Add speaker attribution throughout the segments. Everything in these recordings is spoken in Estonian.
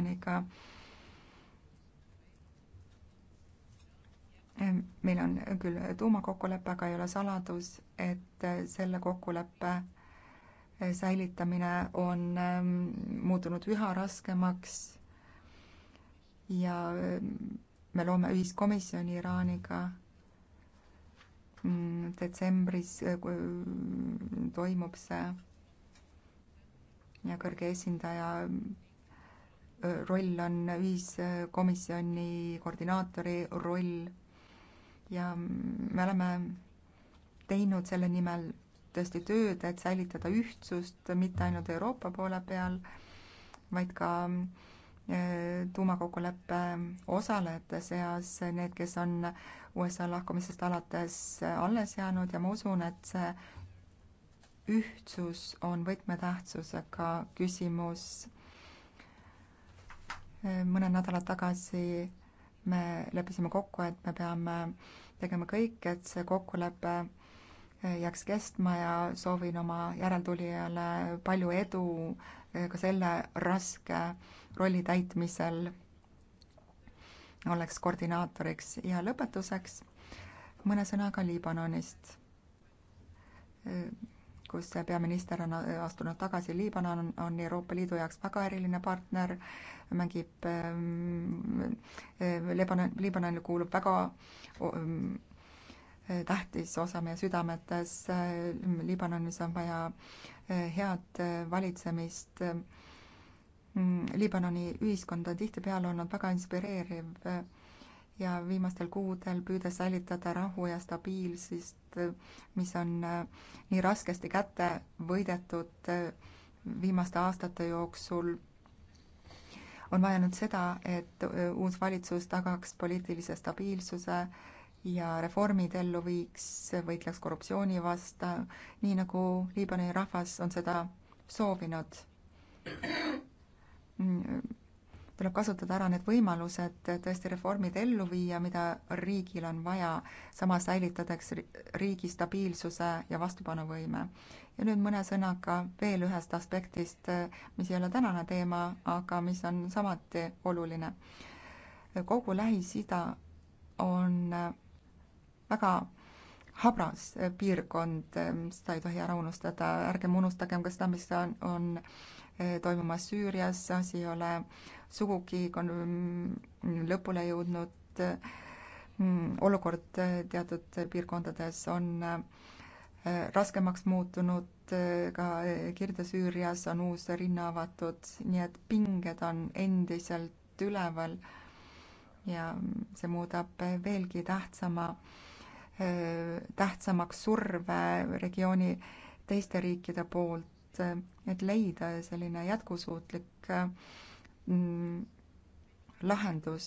Speaker 1: plaaniga. meil on küll tuumakokkulepe, aga ei ole saladus, et selle kokkuleppe säilitamine on ähm, muutunud üha raskemaks ja ähm, me loome ühiskomisjoni Iraaniga mm, detsembris äh, toimub see ja kõrge esindaja roll on ühiskomisjoni koordinaatori roll ja me oleme teinud selle nimel tõesti tööd, et säilitada ühtsust mitte ainult Euroopa poole peal, vaid ka e, tuumakokkuleppe osalejate seas need, kes on USA lahkumisest alates alles jäänud ja ma usun, et see ühtsus on võtmetähtsusega küsimus mõned nädalad tagasi me leppisime kokku, et me peame tegema kõik, et see kokkulepe jääks kestma ja soovin oma järeltulijale palju edu ka selle raske rolli täitmisel. oleks koordinaatoriks ja lõpetuseks mõne sõnaga Liibanonist kus peaminister on astunud tagasi. Liibanon on Euroopa Liidu jaoks väga eriline partner, mängib ähm,, Liibanon, Liibanonile kuulub väga ähm, tähtis osa meie südametes. Ehm, Liibanonis on vaja ehm, head valitsemist. Ehm, Liibanoni ühiskond on tihtipeale olnud väga inspireeriv ja viimastel kuudel püüdes säilitada rahu ja stabiilsust, mis on äh, nii raskesti kätte võidetud äh, viimaste aastate jooksul, on vaja nüüd seda, et äh, uus valitsus tagaks poliitilise stabiilsuse ja reformid ellu viiks, võitleks korruptsiooni vastu, nii nagu Liibanoni rahvas on seda soovinud tuleb kasutada ära need võimalused tõesti reformid ellu viia, mida riigil on vaja, samas säilitades riigi stabiilsuse ja vastupanuvõime. ja nüüd mõne sõnaga veel ühest aspektist, mis ei ole tänane teema, aga mis on samuti oluline. kogu Lähis-Ida on väga habras piirkond, seda ei tohi ära unustada, ärgem unustagem ka seda, mis on, on eh, toimumas Süürias, asi ei ole sugugi lõpule jõudnud mm, olukord teatud piirkondades on äh, raskemaks muutunud, äh, ka Kirde-Süürias on uus rinne avatud, nii et pinged on endiselt üleval ja see muudab veelgi tähtsama, äh, tähtsamaks surve regiooni teiste riikide poolt, et leida selline jätkusuutlik Mm, lahendus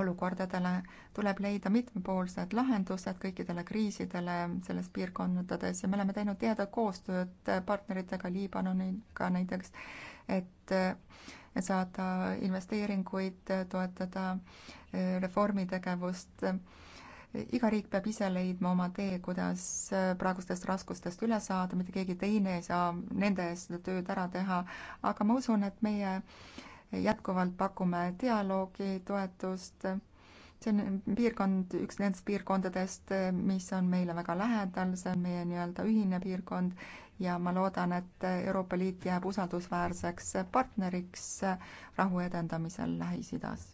Speaker 1: olukordadele, tuleb leida mitmepoolsed lahendused kõikidele kriisidele selles piirkondades ja me oleme teinud tihedat koostööd partneritega Liibanoniga näiteks, et saada investeeringuid, toetada eh, reformitegevust iga riik peab ise leidma oma tee, kuidas äh, praegustest raskustest üle saada, mitte keegi teine ei saa nende eest seda tööd ära teha, aga ma usun, et meie jätkuvalt pakume dialoogi, toetust, see on piirkond, üks nendest piirkondadest, äh, mis on meile väga lähedal, see on meie nii-öelda ühine piirkond ja ma loodan, et äh, Euroopa Liit jääb usaldusväärseks partneriks rahu edendamisel Lähis-Idas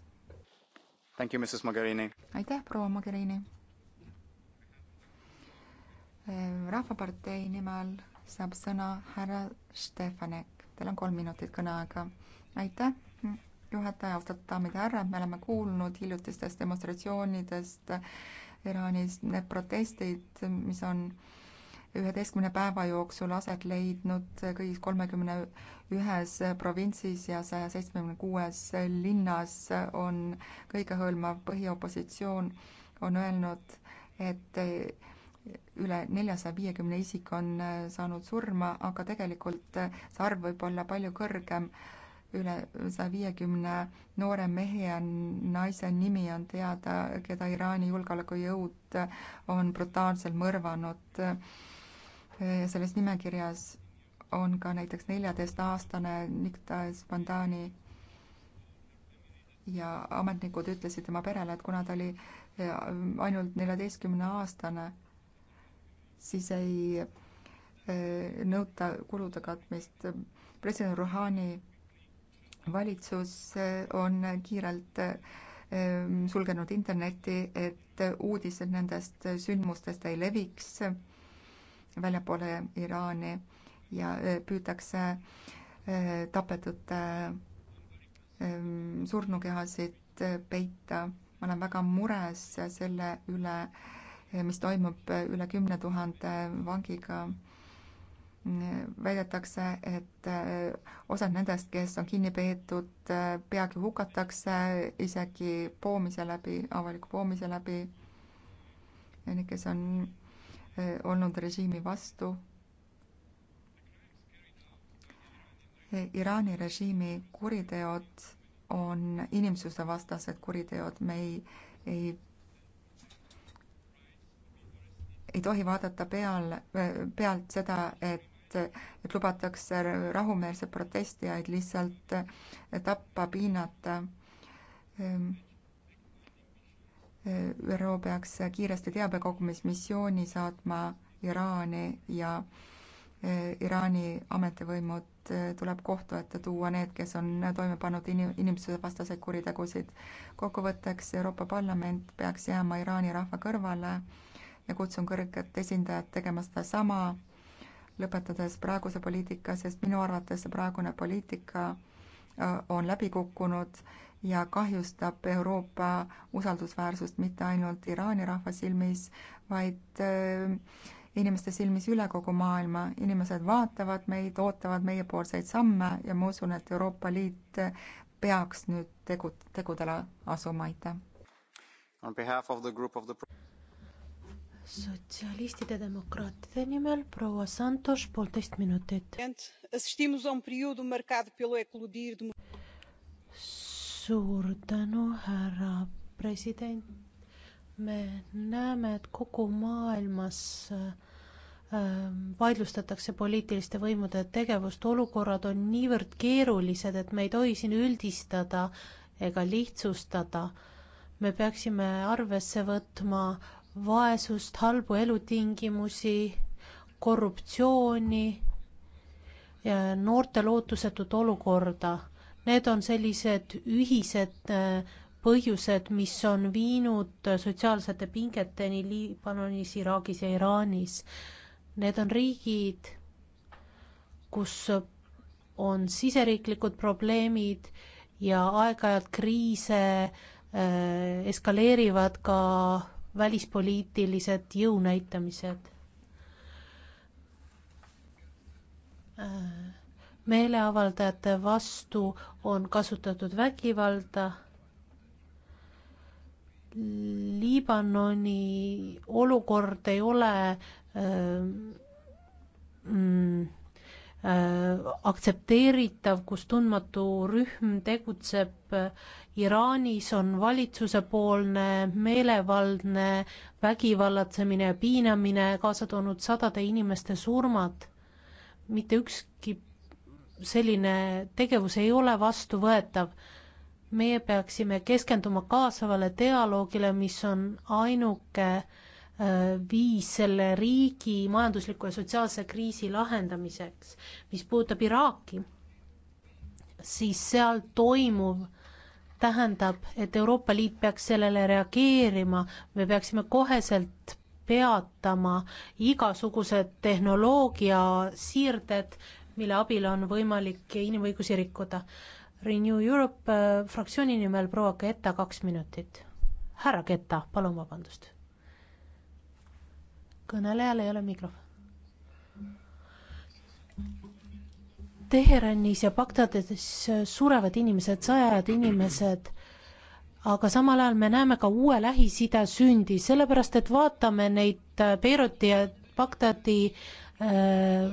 Speaker 1: aitäh, proua Mogherini. Ehm, rahvapartei nimel saab sõna härra Stefanek, teil on kolm minutit kõneaega. aitäh, juhataja, austatud daamid ja härrad, me oleme kuulnud hiljutistest demonstratsioonidest Iraanis, need protestid, mis on äh, üheteistkümne päeva jooksul aset leidnud kõigis kolmekümne ühes provintsis ja saja seitsmekümne kuues linnas on kõigehõlmav põhiopositsioon, on öelnud, et üle neljasaja viiekümne isik on äh, saanud surma, aga tegelikult äh, see arv võib olla palju kõrgem. üle saja viiekümne noore mehe ja naise nimi on teada, keda Iraani julgeolekujõud äh, on brutaalselt mõrvanud selles nimekirjas on ka näiteks neljateistaastane Niktas Bandani ja ametnikud ütlesid tema perele, et kuna ta oli ainult neljateistkümneaastane, siis ei e, nõuta kulude katmist. president Rouhani valitsus on kiirelt e, sulgenud interneti, et uudised nendest sündmustest ei leviks väljapoole Iraani ja püütakse tapetute surnukehasid peita. ma olen väga mures selle üle, mis toimub üle kümne tuhande vangiga väidetakse, et osad nendest, kes on kinni peetud, peagi hukatakse isegi poomise läbi, avaliku poomise läbi. ja need, kes on Eh, olnud režiimi vastu. Eh, Iraani režiimi kuriteod on inimsusevastased kuriteod, me ei, ei ei tohi vaadata peal, eh, pealt seda, et, et lubatakse rahumeelseid protestijaid lihtsalt tappa, piinata ehm, ÜRO peaks kiiresti teabekogumismissiooni saatma Iraani ja eh, Iraani ametivõimud eh, tuleb kohtu ette tuua need, kes on toime pannud inim-, inimsusevastaseid kuritegusid. kokkuvõtteks Euroopa Parlament peaks jääma Iraani rahva kõrvale ja kutsun kõrget esindajat tegema sedasama, lõpetades praeguse poliitika, sest minu arvates see praegune poliitika äh, on läbi kukkunud ja kahjustab Euroopa usaldusväärsust mitte ainult Iraani rahva silmis, vaid äh, inimeste silmis üle kogu maailma. inimesed vaatavad meid, ootavad meiepoolseid samme ja ma usun, et Euroopa Liit peaks nüüd tegu, tegudele asuma, aitäh. sotsialistide demokraatide nimel proua Santos,
Speaker 2: poolteist minutit suur tänu, härra president. me näeme, et kogu maailmas ähm, vaidlustatakse poliitiliste võimude tegevust, olukorrad on niivõrd keerulised, et me ei tohi siin üldistada ega lihtsustada. me peaksime arvesse võtma vaesust, halbu elutingimusi, korruptsiooni, noorte lootusetut olukorda Need on sellised ühised äh, põhjused, mis on viinud sotsiaalsete pingeteni Liibanonis, Iraagis ja Iraanis. Need on riigid, kus on siseriiklikud probleemid ja aeg-ajalt kriise äh, eskaleerivad ka välispoliitilised jõunäitamised äh meeleavaldajate vastu on kasutatud vägivalda. Liibanoni olukord ei ole öö, mm, aktsepteeritav, kus tundmatu rühm tegutseb. Iraanis on valitsusepoolne meelevaldne vägivallatsemine ja piinamine kaasa toonud sadade inimeste surmad. mitte ükski selline tegevus ei ole vastuvõetav. meie peaksime keskenduma kaasavale dialoogile, mis on ainuke äh, viis selle riigi majandusliku ja sotsiaalse kriisi lahendamiseks. mis puudutab Iraaki, siis seal toimuv tähendab, et Euroopa Liit peaks sellele reageerima, me peaksime koheselt peatama igasugused tehnoloogia siirded mille abil on võimalik inimõigusi rikkuda. Renew Europe äh, fraktsiooni nimel proua Ketta, kaks minutit. härra Ketta, palun vabandust. kõnelejal ei ole mikrofon. Teheranis ja Bagdadis surevad inimesed, sajad inimesed aga samal ajal me näeme ka uue Lähis-Ida sündi, sellepärast et vaatame neid äh, Beiruti ja Bagdadi äh,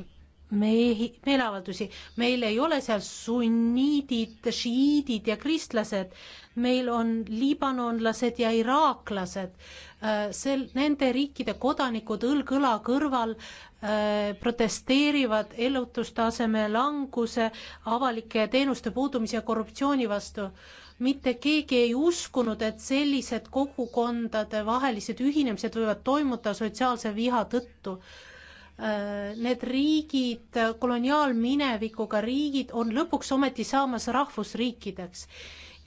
Speaker 2: mehi, meeleavaldusi, meil ei ole seal sunniidid, šiiidid ja kristlased, meil on liibanonlased ja iraaklased, äh, sel, nende riikide kodanikud õlg õla kõrval äh, protesteerivad elutustaseme languse, avalike teenuste puudumise ja korruptsiooni vastu. mitte keegi ei uskunud, et sellised kogukondade vahelised ühinemised võivad toimuda sotsiaalse viha tõttu Äh, need riigid, äh, koloniaalminevikuga riigid on lõpuks ometi saamas rahvusriikideks.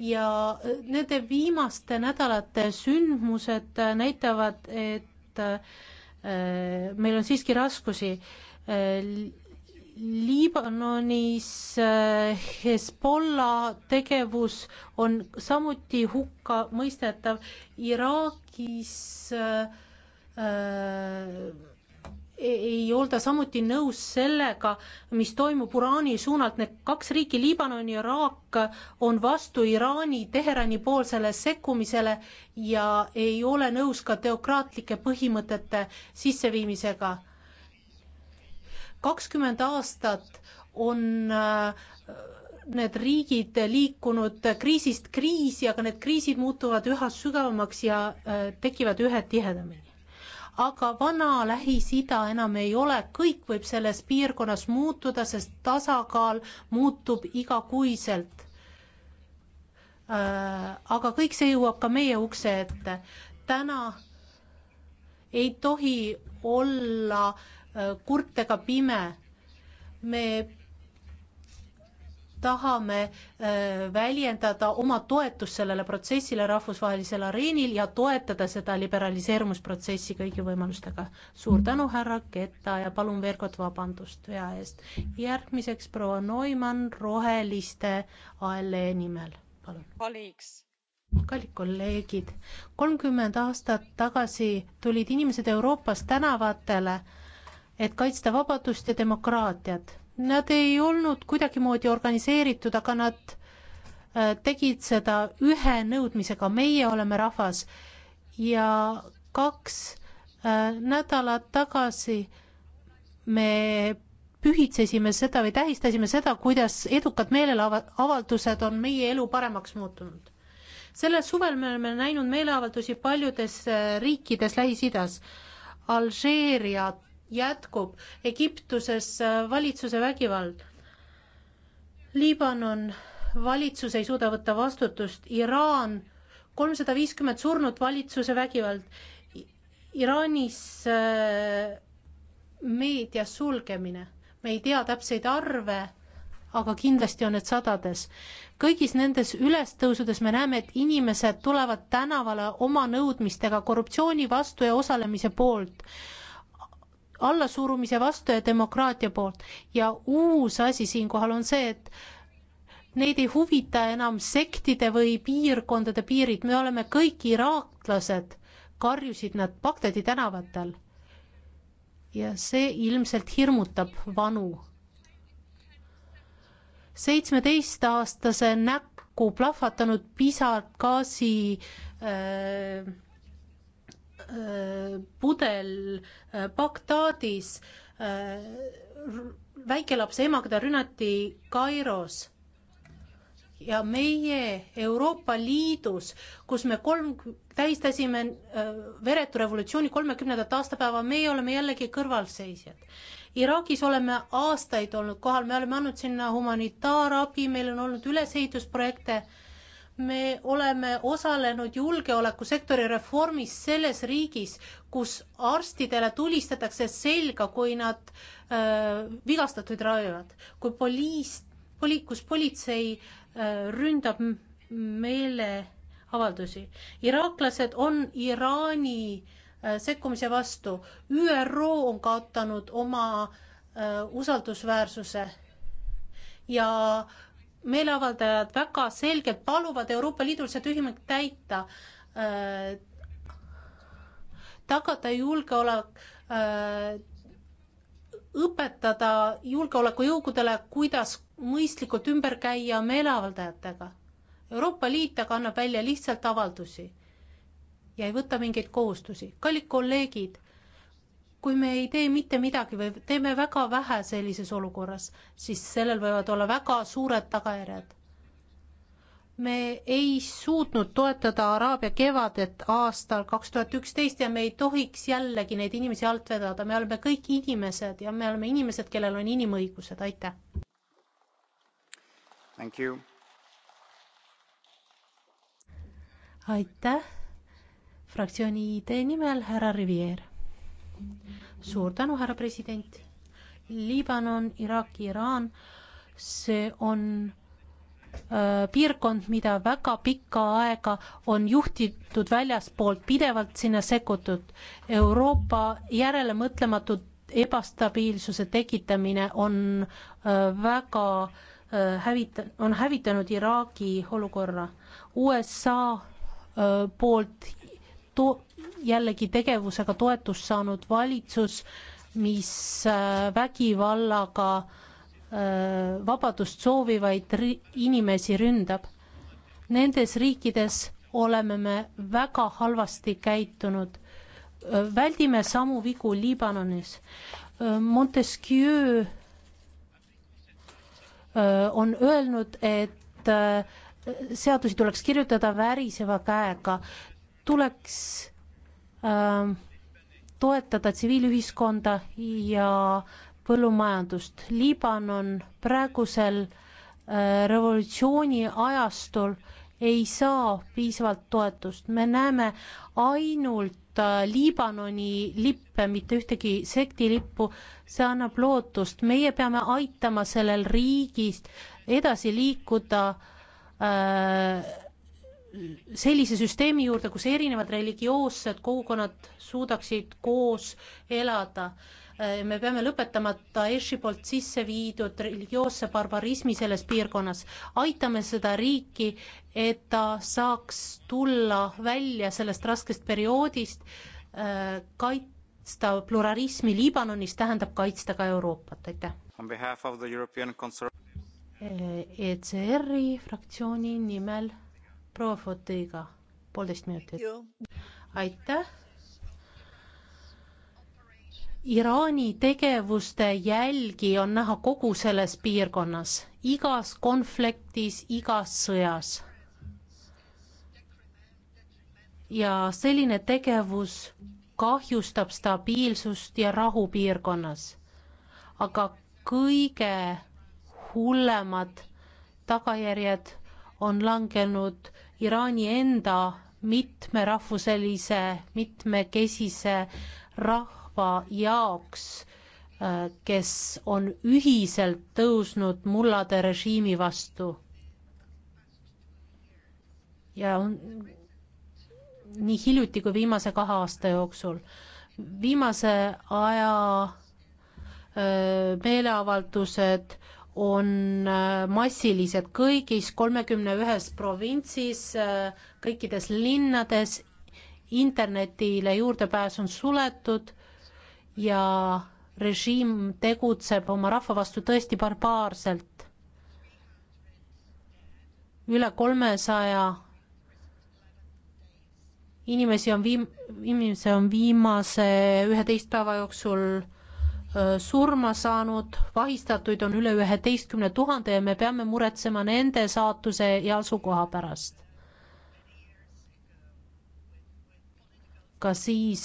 Speaker 2: ja äh, nende viimaste nädalate sündmused näitavad, et meil on siiski raskusi. Liibanonis Hezbollah tegevus on samuti hukkamõistetav, Iraagis äh, ei olda samuti nõus sellega, mis toimub Iraani suunalt, need kaks riiki, Liibanon ja Iraak, on vastu Iraani Teherani poolsele sekkumisele ja ei ole nõus ka teokraatlike põhimõtete sisseviimisega. kakskümmend aastat on äh, need riigid liikunud kriisist kriisi, aga need kriisid muutuvad üha sügavamaks ja äh, tekivad üha tihedamini aga vana Lähis-Ida enam ei ole, kõik võib selles piirkonnas muutuda, sest tasakaal muutub igakuiselt. Äh, aga kõik see jõuab ka meie ukse ette. täna ei tohi olla äh, kurtega pime. me tahame äh, väljendada oma toetust sellele protsessile rahvusvahelisel areenil ja toetada seda liberaliseerumisprotsessi kõigi võimalustega. suur tänu, härra Ketta ja palun veel kord vabandust vea eest. järgmiseks proua Neumann Roheliste ALE nimel, palun. kallid kolleegid, kolmkümmend aastat tagasi tulid inimesed Euroopas tänavatele, et kaitsta vabadust ja demokraatiat Nad ei olnud kuidagimoodi organiseeritud, aga nad äh, tegid seda ühe nõudmisega, meie oleme rahvas ja kaks äh, nädalat tagasi me pühitsesime seda või tähistasime seda, kuidas edukad meeleavaldused on meie elu paremaks muutunud. sellel suvel me oleme näinud meeleavaldusi paljudes äh, riikides Lähis-Idas, Alžeeria, jätkub Egiptuses äh, valitsuse vägivald. Liibanon, valitsus ei suuda võtta vastutust, Iraan, kolmsada viiskümmend surnut, valitsuse vägivald. Iraanis äh, meedia sulgemine, me ei tea täpseid arve, aga kindlasti on need sadades. kõigis nendes ülestõusudes me näeme, et inimesed tulevad tänavale oma nõudmistega korruptsiooni vastu ja osalemise poolt allasurumise vastu ja demokraatia poolt. ja uus asi siinkohal on see, et neid ei huvita enam sektide või piirkondade piirid, me oleme kõik iraaklased, karjusid nad Bagdadi tänavatel. ja see ilmselt hirmutab vanu. seitsmeteistaastase näkku plahvatanud pisargaasi äh, pudel äh, Bagdadis, äh, väikelapse ema, keda rünnati Kairos ja meie Euroopa Liidus, kus me kolm, tähistasime äh, veretu revolutsiooni kolmekümnendat aastapäeva, meie oleme jällegi kõrvalseisjad. Iraagis oleme aastaid olnud kohal, me oleme andnud sinna humanitaarabi, meil on olnud ülesehitusprojekte äh,, me oleme osalenud julgeolekusektori reformis selles riigis, kus arstidele tulistatakse selga, kui nad öö, äh, vigastatuid raiuvad, kui poliis, poli-, kus politsei öö, äh, ründab meeleavaldusi. iraaklased on Iraani öö, äh, sekkumise vastu, ÜRO on kaotanud oma öö, usaldusväärsuse ja öö, meeleavaldajad väga selgelt paluvad Euroopa Liidul seda ühimut täita äh,, tagada julgeolek äh,, õpetada julgeolekujõugudele, kuidas mõistlikult ümber käia meeleavaldajatega. Euroopa Liit aga annab välja lihtsalt avaldusi ja ei võta mingeid kohustusi. kallid kolleegid kui me ei tee mitte midagi või teeme väga vähe sellises olukorras, siis sellel võivad olla väga suured tagajärjed. me ei suutnud toetada Araabia kevadet aastal kaks tuhat üksteist ja me ei tohiks jällegi neid inimesi alt vedada, me oleme kõik inimesed ja me oleme inimesed, kellel on inimõigused, aitäh. aitäh fraktsiooni idee nimel härra Rivier suur tänu, härra president. Liibanon, Iraak, Iraan, see on äh, piirkond, mida väga pikka aega on juhtitud väljaspoolt, pidevalt sinna sekkutud. Euroopa järelemõtlematu ebastabiilsuse tekitamine on äh, väga äh, hävita-, on hävitanud Iraagi olukorra. USA poolt to-, jällegi tegevusega toetust saanud valitsus, mis äh, vägivallaga äh, vabadust soovivaid ri-, inimesi ründab. Nendes riikides oleme me väga halvasti käitunud. Äh, väldime samu vigu Liibanonis. Montesquieu on öelnud, et seadusi tuleks kirjutada väriseva käega tuleks äh, toetada tsiviilühiskonda ja põllumajandust. Liibanon praegusel äh, revolutsiooni ajastul ei saa piisavalt toetust, me näeme ainult äh, Liibanoni lippe, mitte ühtegi sekti lippu, see annab lootust, meie peame aitama sellel riigist edasi liikuda äh, sellise süsteemi juurde, kus erinevad religioossed kogukonnad suudaksid koos elada. me peame lõpetama Daeshi poolt sisse viidud religioosse barbarismi selles piirkonnas, aitame seda riiki, et ta saaks tulla välja sellest raskest perioodist, kaitsta pluralismi Liibanonis tähendab kaitsta ka Euroopat, aitäh. ECR-i e fraktsiooni nimel proua Fotiga poolteist minutit. aitäh. Iraani tegevuste jälgi on näha kogu selles piirkonnas, igas konfliktis, igas sõjas. ja selline tegevus kahjustab stabiilsust ja rahu piirkonnas. aga kõige hullemad tagajärjed on langenud Iraani enda mitmerahvuselise, mitmekesise rahva jaoks, äh, kes on ühiselt tõusnud mullade režiimi vastu. ja on nii hiljuti kui viimase kahe aasta jooksul. viimase aja äh, meeleavaldused on äh, massilised kõigis kolmekümne ühes provintsis, äh, kõikides linnades, internetile juurdepääs on suletud ja režiim tegutseb oma rahva vastu tõesti barbaarselt. üle kolmesaja inimesi on viim-, inimesi on viimase üheteist päeva jooksul surma saanud, vahistatuid on üle üheteistkümne tuhande ja me peame muretsema nende saatuse ja asukoha pärast. ka siis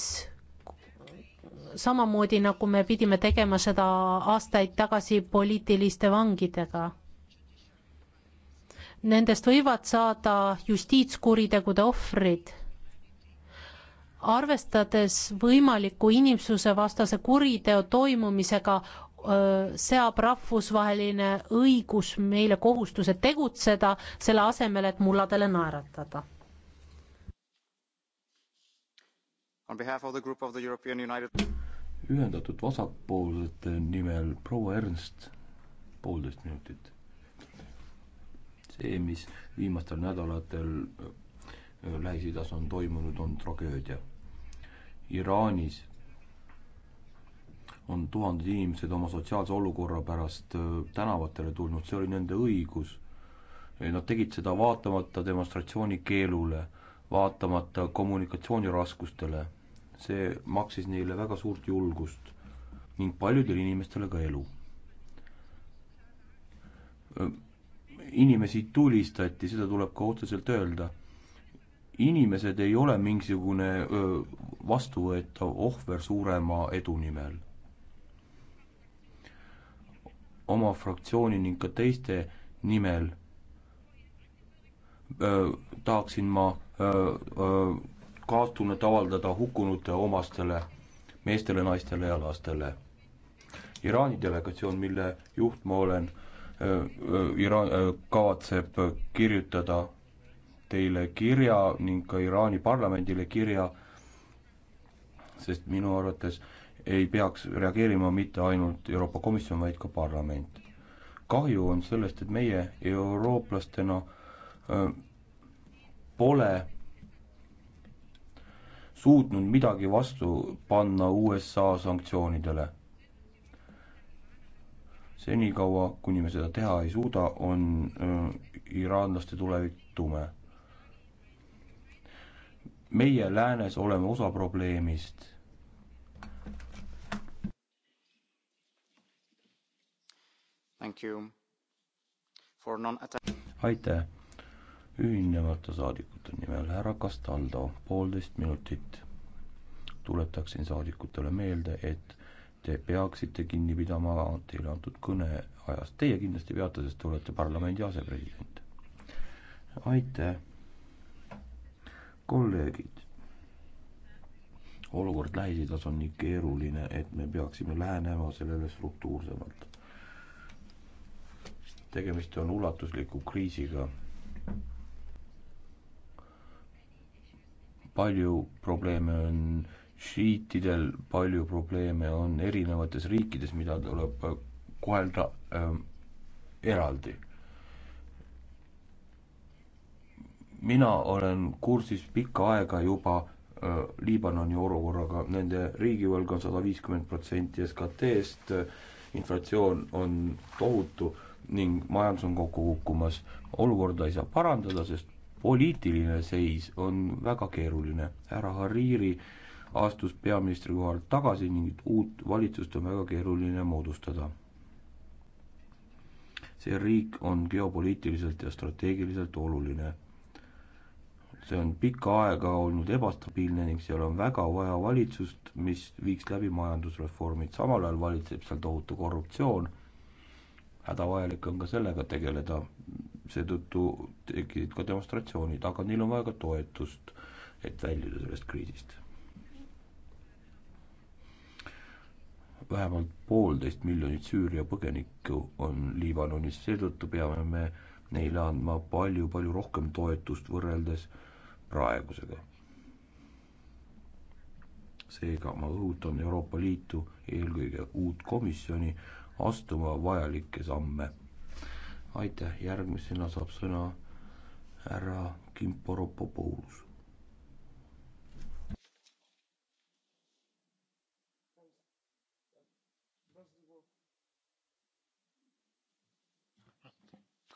Speaker 2: samamoodi, nagu me pidime tegema seda aastaid tagasi poliitiliste vangidega. Nendest võivad saada justiitskuritegude ohvrid arvestades võimaliku inimsusevastase kuriteo toimumisega, seab rahvusvaheline õigus meile kohustuse tegutseda, selle asemel, et mulladele naeratada.
Speaker 3: United...
Speaker 4: ühendatud vasakpoolsete nimel proua Ernst, poolteist minutit. see, mis viimastel nädalatel Lähis-Idas on toimunud, on tragöödia Iraanis on tuhanded inimesed oma sotsiaalse olukorra pärast äh, tänavatele tulnud, see oli nende õigus. Nad tegid seda vaatamata demonstratsiooni keelule, vaatamata kommunikatsiooniraskustele. see maksis neile väga suurt julgust ning paljudele inimestele ka elu. Äh, inimesi tulistati, seda tuleb ka otseselt öelda inimesed ei ole mingisugune vastuvõetav ohver suurema edu nimel. oma fraktsiooni ning ka teiste nimel öö, tahaksin ma kaastunnet avaldada hukkunute omastele meestele, naistele ja lastele. Iraani delegatsioon, mille juht ma olen, Iraan öö, kavatseb kirjutada teile kirja ning ka Iraani parlamendile kirja, sest minu arvates ei peaks reageerima mitte ainult Euroopa Komisjon, vaid ka parlament. kahju on sellest, et meie eurooplastena pole suutnud midagi vastu panna USA sanktsioonidele. senikaua, kuni me seda teha ei suuda, on iraanlaste tulevik tume meie läänes oleme osa probleemist. aitäh ühinemata saadikute nimel härra Castaldo, poolteist minutit. tuletaksin saadikutele meelde, et te peaksite kinni pidama teile antud kõneajast. Teie kindlasti peate, sest te olete parlamendi asepresident. aitäh kolleegid, olukord Lähis-Idas on nii keeruline, et me peaksime lähenema sellele struktuursemalt. tegemist on ulatusliku kriisiga. palju probleeme on šiitidel, palju probleeme on erinevates riikides, mida tuleb kohelda ähm, eraldi mina olen kursis pikka aega juba äh, Liibanoni olukorraga, nende riigivõlg on sada viiskümmend protsenti SKT-st, inflatsioon on tohutu ning majandus on kokku kukkumas. olukorda ei saa parandada, sest poliitiline seis on väga keeruline. härra Hariri astus peaministri kohalt tagasi ning uut valitsust on väga keeruline moodustada. see riik on geopoliitiliselt ja strateegiliselt oluline see on pikka aega olnud ebastabiilne ning seal on väga vaja valitsust, mis viiks läbi majandusreformid, samal ajal valitseb seal tohutu korruptsioon. hädavajalik on ka sellega tegeleda, seetõttu tekkisid ka demonstratsioonid, aga neil on vaja ka toetust, et väljuda sellest kriisist. vähemalt poolteist miljonit Süüria põgenikku on Liibanonis, seetõttu peame me neile andma palju-palju rohkem toetust võrreldes äh, praegusega. seega ma õhutan Euroopa Liitu, eelkõige uut komisjoni, astuma vajalikke samme. aitäh, järgmisena saab sõna härra Kimporopopoulos.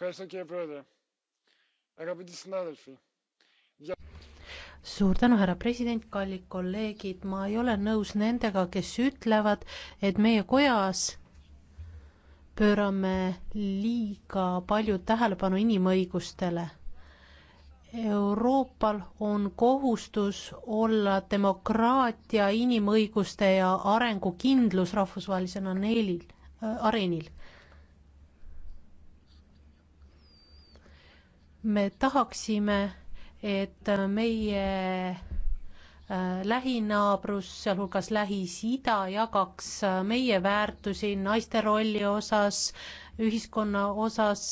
Speaker 2: Ευχαριστώ κύριε Πρόεδρε. Αγαπητοί συνάδελφοι, suur tänu, härra president, kallid kolleegid, ma ei ole nõus nendega, kes ütlevad, et meie kojas pöörame liiga palju tähelepanu inimõigustele. Euroopal on kohustus olla demokraatia, inimõiguste ja arengukindlus rahvusvahelisena neelil äh,, areenil me tahaksime et äh, meie äh, lähinaabrus, sealhulgas Lähis-Ida, jagaks äh, meie väärtusi naiste rolli osas, ühiskonna osas,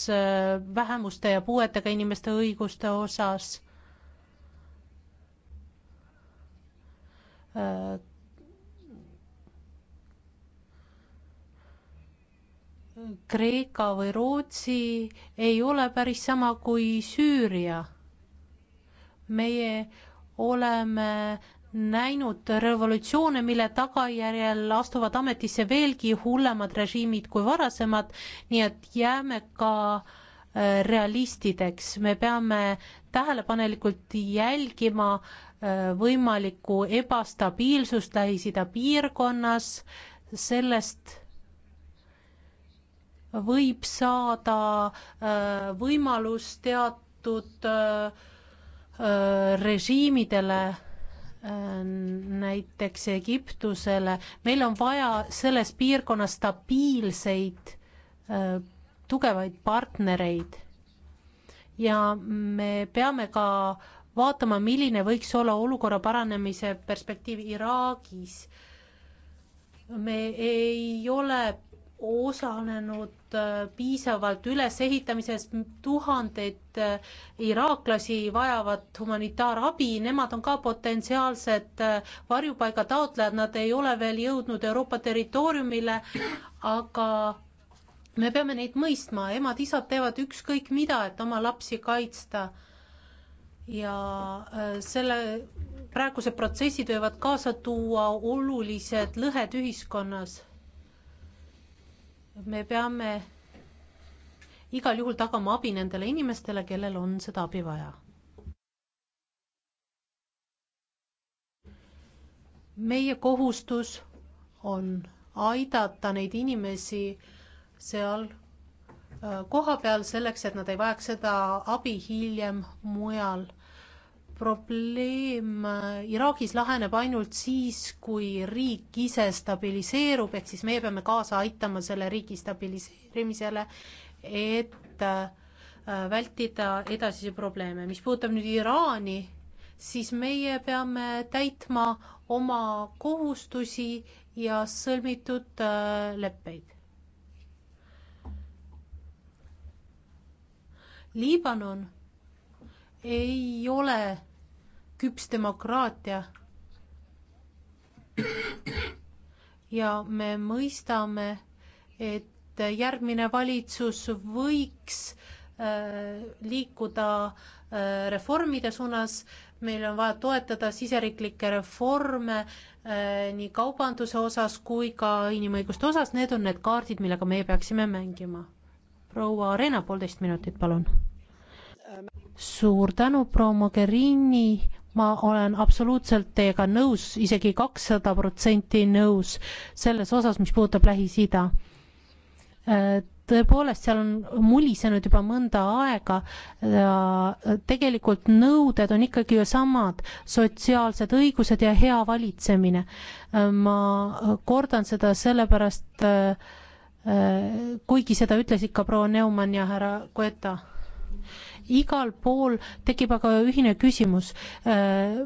Speaker 2: vähemuste ja puuetega inimeste õiguste osas Kreeka või Rootsi ei ole päris sama kui Süüria meie oleme näinud revolutsioone, mille tagajärjel astuvad ametisse veelgi hullemad režiimid kui varasemad, nii et jääme ka äh, realistideks, me peame tähelepanelikult jälgima äh, võimalikku ebastabiilsust Lähis-Ida piirkonnas, sellest võib saada äh, võimalus teatud äh, Äh, režiimidele, äh, näiteks Egiptusele, meil on vaja selles piirkonnas stabiilseid, äh, tugevaid partnereid. ja me peame ka vaatama, milline võiks olla olukorra paranemise perspektiiv Iraagis. me ei ole osalenud äh, piisavalt ülesehitamises, tuhanded äh, iraaklasi vajavad humanitaarabi, nemad on ka potentsiaalsed äh, varjupaiga taotlejad, nad ei ole veel jõudnud Euroopa territooriumile, aga me peame neid mõistma, emad-isad teevad ükskõik mida, et oma lapsi kaitsta. ja selle, praegused protsessid võivad kaasa tuua olulised lõhed ühiskonnas me peame igal juhul tagama abi nendele inimestele, kellel on seda abi vaja. meie kohustus on aidata neid inimesi seal äh, kohapeal selleks, et nad ei vajaks seda abi hiljem mujal probleem äh, Iraagis laheneb ainult siis, kui riik ise stabiliseerub, ehk siis meie peame kaasa aitama selle riigi stabiliseerimisele, et äh, vältida edasisi probleeme. mis puudutab nüüd Iraani, siis meie peame täitma oma kohustusi ja sõlmitud äh, leppeid. Liibanon ei ole küps demokraatia. ja me mõistame, et järgmine valitsus võiks äh, liikuda äh, reformide suunas, meil on vaja toetada siseriiklikke reforme äh, nii kaubanduse osas kui ka inimõiguste osas, need on need kaardid, millega meie peaksime mängima. proua Reena, poolteist minutit, palun äh, suur tänu, proua Mogherini, ma olen absoluutselt teiega nõus, isegi kakssada protsenti nõus selles osas, mis puudutab Lähis-Ida. Äh, tõepoolest, seal on mulisenud juba mõnda aega ja tegelikult nõuded on ikkagi ju samad, sotsiaalsed õigused ja hea valitsemine. Äh, ma kordan seda sellepärast, äh, kuigi seda ütlesid ka proua Neumann ja härra Koeta igal pool tekib aga ühine küsimus. Äh,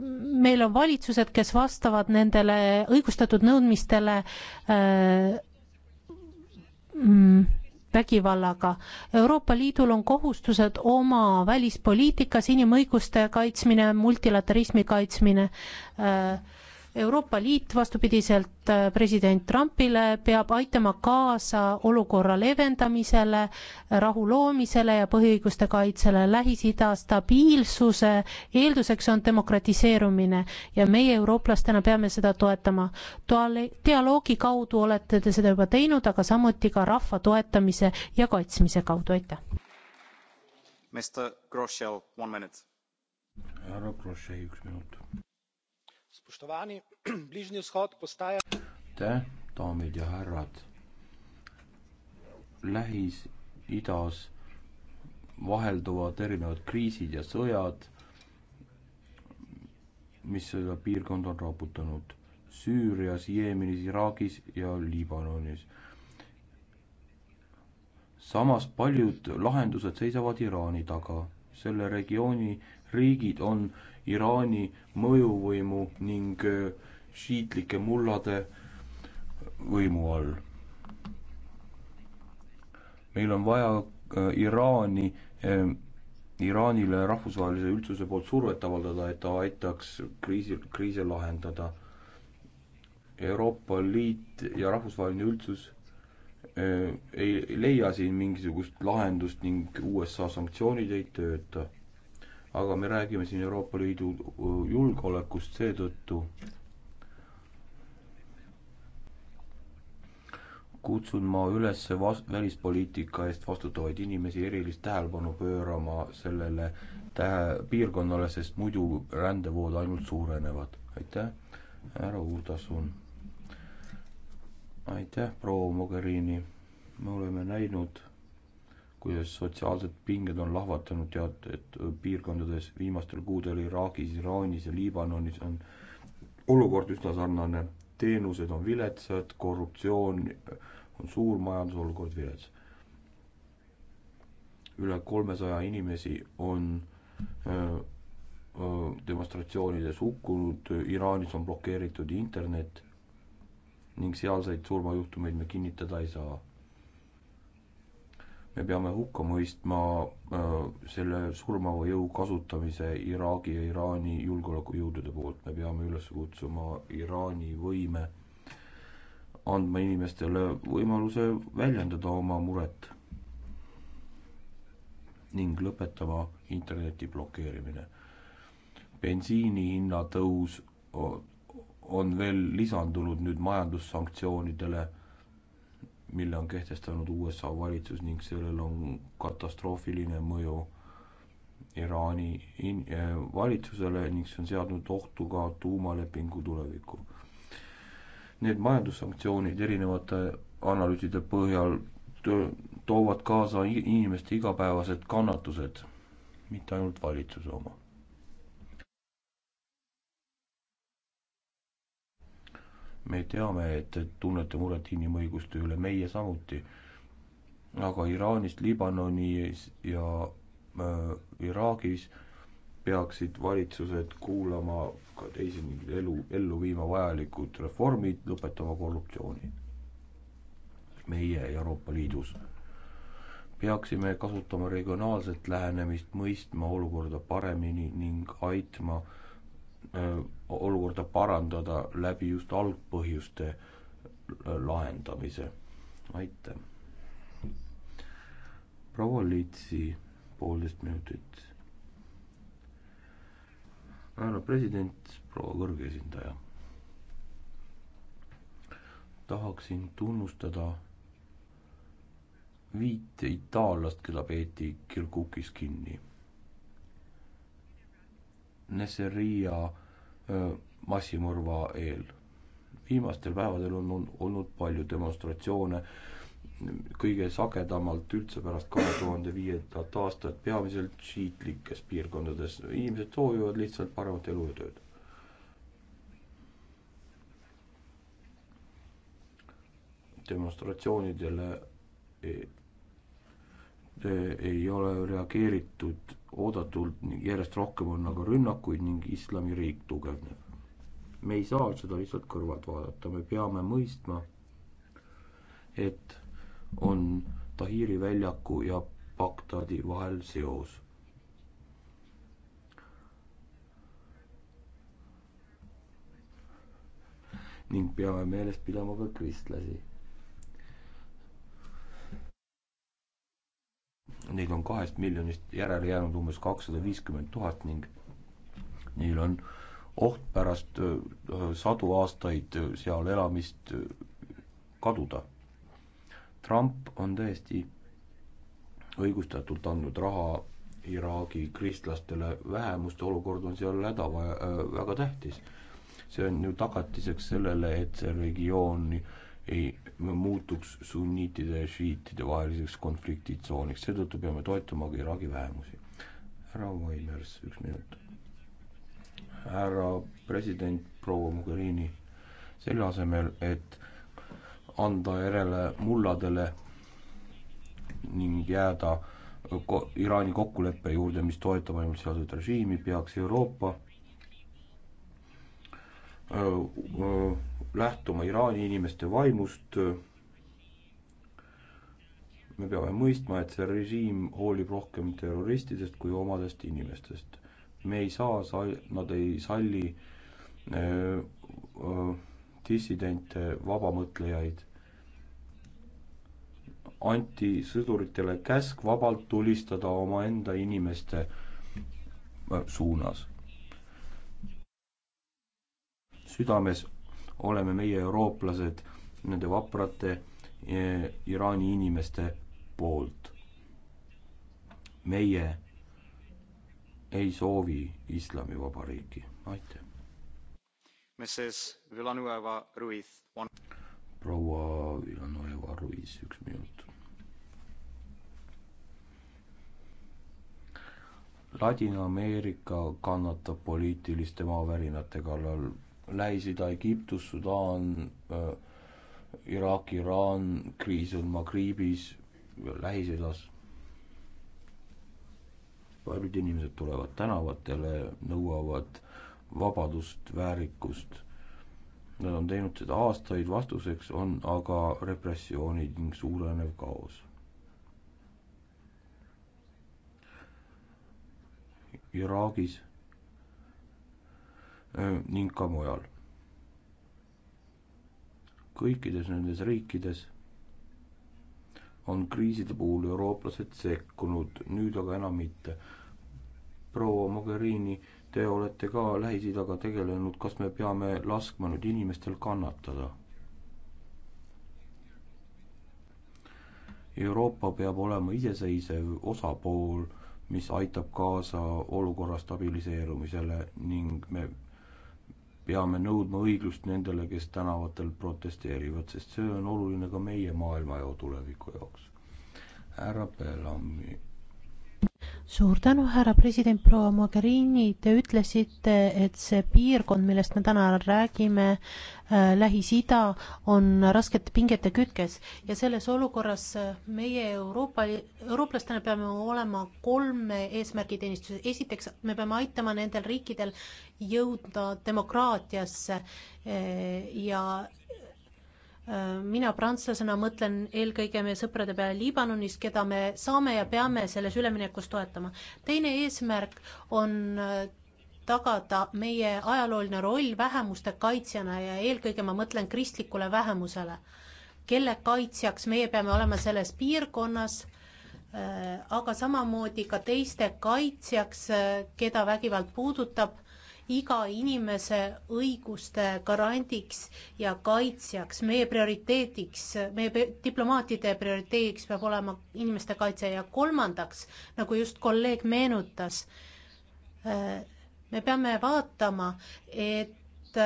Speaker 2: meil on valitsused, kes vastavad nendele õigustatud nõudmistele äh, mm, vägivallaga. Euroopa Liidul on kohustused oma välispoliitikas, inimõiguste kaitsmine, multilaterismi kaitsmine äh,, Euroopa Liit vastupidiselt äh, president Trumpile peab aitama kaasa olukorra leevendamisele, rahu loomisele ja põhiõiguste kaitsele. Lähis-Ida stabiilsuse eelduseks on demokratiseerumine ja meie eurooplastena peame seda toetama. dialoogi kaudu olete te seda juba teinud, aga samuti ka rahva toetamise ja kaitsmise kaudu, aitäh.
Speaker 4: härra Groschel, üks minut aitäh, daamid ja härrad. Lähis-Idas vahelduvad erinevad kriisid ja sõjad, mis seda piirkonda on raputanud. Süürias, Jeemenis, Iraagis ja Liibanonis. samas paljud lahendused seisavad Iraani taga. selle regiooni riigid on äh, Iraani mõjuvõimu ning äh, šiitlike mullade võimu all. meil on vaja äh, Iraani, äh, Iraanile rahvusvahelise üldsuse poolt survet avaldada, et ta aitaks kriisi, kriise lahendada. Euroopa Liit ja rahvusvaheline üldsus ei leia siin mingisugust lahendust ning USA sanktsioonid ei tööta aga me räägime siin Euroopa Liidu uh, julgeolekust seetõttu kutsun ma üles vas-, välispoliitika eest vastutavaid inimesi erilist tähelepanu pöörama sellele tähe-, piirkonnale, sest muidu rändevood ainult suurenevad. aitäh, härra Urtasun. aitäh, proua Mogherini. me oleme näinud kuidas sotsiaalsed pinged on lahvatanud teatud äh, piirkondades, viimastel kuudel Iraagis, Iraanis ja Liibanonis on olukord üsna sarnane. teenused on viletsad, korruptsioon äh, on suur, majandusolukord vilets. üle kolmesaja inimesi on öö, äh, öö, demonstratsioonides hukkunud, Iraanis on blokeeritud internet ning sealseid surmajuhtumeid me kinnitada ei saa me peame hukka mõistma äh, selle surmava jõu kasutamise Iraagi ja Iraani julgeolekujõudude poolt, me peame üles kutsuma Iraani võime andma inimestele võimaluse väljendada oma muret ning lõpetama interneti blokeerimine. bensiini hinna tõus on veel lisandunud nüüd majandussanktsioonidele mille on kehtestanud USA valitsus ning sellel on katastroofiline mõju Iraani in-, eh, valitsusele ning see on seadnud ohtu ka tuumalepingu tuleviku. Need majandussanktsioonid erinevate analüüside põhjal toovad kaasa inimeste igapäevased kannatused, mitte ainult valitsuse oma. me teame, et te tunnete muret inimõiguste üle, meie samuti. aga Iraanist, Liibanonis ja äh, Iraagis peaksid valitsused kuulama ka teisi ning elu, ellu viima vajalikud reformid, lõpetama korruptsiooni. meie Euroopa Liidus peaksime kasutama regionaalset lähenemist, mõistma olukorda paremini ning aitma äh, olukorda parandada läbi just algpõhjuste lahendamise. aitäh. proua Litsi, poolteist minutit. härra president, proua kõrge esindaja. tahaksin tunnustada viite itaallast, keda peeti Kirkukis kinni. Nesseria massimõrva eel. viimastel päevadel on, on olnud palju demonstratsioone, kõige sagedamalt üldse pärast kahe tuhande viiendat aastat, peamiselt šiitlikes piirkondades. inimesed soovivad lihtsalt paremat elu ja tööd. demonstratsioonidele Äh, ei ole reageeritud oodatult ning järjest rohkem on aga rünnakuid ning islamiriik tugevneb. me ei saa seda lihtsalt kõrvalt vaadata, me peame mõistma, et on Tahiri väljaku ja Bagdadi vahel seos. ning peame meeles pidama ka kristlasi Neil on kahest miljonist järele jäänud umbes kakssada viiskümmend tuhat ning neil on oht pärast äh, sadu aastaid äh, seal elamist äh, kaduda. Trump on täiesti õigustatult andnud raha Iraagi kristlastele, vähemuste olukord on seal hädava- äh,, väga tähtis. see on ju tagatiseks sellele, et see regioon äh, ei muutuks sunniitide ja šiiitide vaheliseks konfliktitsooniks, seetõttu peame toetama ka Iraagi vähemusi. härra Vainers, üks minut. härra president, proua Mogherini, selle asemel, et anda järele mulladele ning jääda ko-, Iraani kokkuleppe juurde, mis toetab ainult sealset režiimi, peaks Euroopa Äh, äh, lähtuma Iraani inimeste vaimust. me peame mõistma, et see režiim hoolib rohkem terroristidest kui omadest inimestest. me ei saa sal-, nad ei salli öö, äh, öö, dissidente, vabamõtlejaid. anti sõduritele käsk vabalt tulistada omaenda inimeste suunas südames oleme meie, eurooplased, nende vaprate e, Iraani inimeste poolt. meie ei soovi islamivabariiki, aitäh. proua Villanueva Ruiz, üks minut. Ladina-Ameerika kannatab poliitiliste maavärinate kallal Lähis-Ida, Egiptus, Sudaan, äh, Iraak, Iraan, kriis on Magriibis, Lähis-Idas. paljud inimesed tulevad tänavatele, nõuavad vabadust, väärikust. Nad on teinud seda aastaid, vastuseks on aga repressioonid ning suurenev kaos Iraagis Äh, ning ka mujal. kõikides nendes riikides on kriiside puhul eurooplased sekkunud, nüüd aga enam mitte. proua Mogherini, te olete ka Lähis-Idaga tegelenud, kas me peame laskma nüüd inimestel kannatada? Euroopa peab olema iseseisev osapool, mis aitab kaasa olukorra stabiliseerumisele ning me peame nõudma õiglust nendele, kes tänavatel protesteerivad, sest see on oluline ka meie maailmajao tuleviku jaoks. härra Bellami
Speaker 2: suur tänu, härra president, proua Mogherini, te ütlesite, et see piirkond, millest me täna räägime äh,, Lähis-Ida, on raskete pingete kütkes ja selles olukorras äh, meie Euroopa, eurooplastena peame olema kolme eesmärgi teenistuses. esiteks, me peame aitama nendel riikidel jõuda demokraatiasse äh, ja mina prantslasena mõtlen eelkõige meie sõprade peale Liibanonis, keda me saame ja peame selles üleminekus toetama. teine eesmärk on äh, tagada meie ajalooline roll vähemuste kaitsjana ja eelkõige ma mõtlen kristlikule vähemusele, kelle kaitsjaks meie peame olema selles piirkonnas, äh, aga samamoodi ka teiste kaitsjaks, äh, keda vägivald puudutab iga inimese õiguste garandiks ja kaitsjaks. meie prioriteediks, meie diplomaatide prioriteediks peab olema inimeste kaitse ja kolmandaks, nagu just kolleeg meenutas, me peame vaatama, et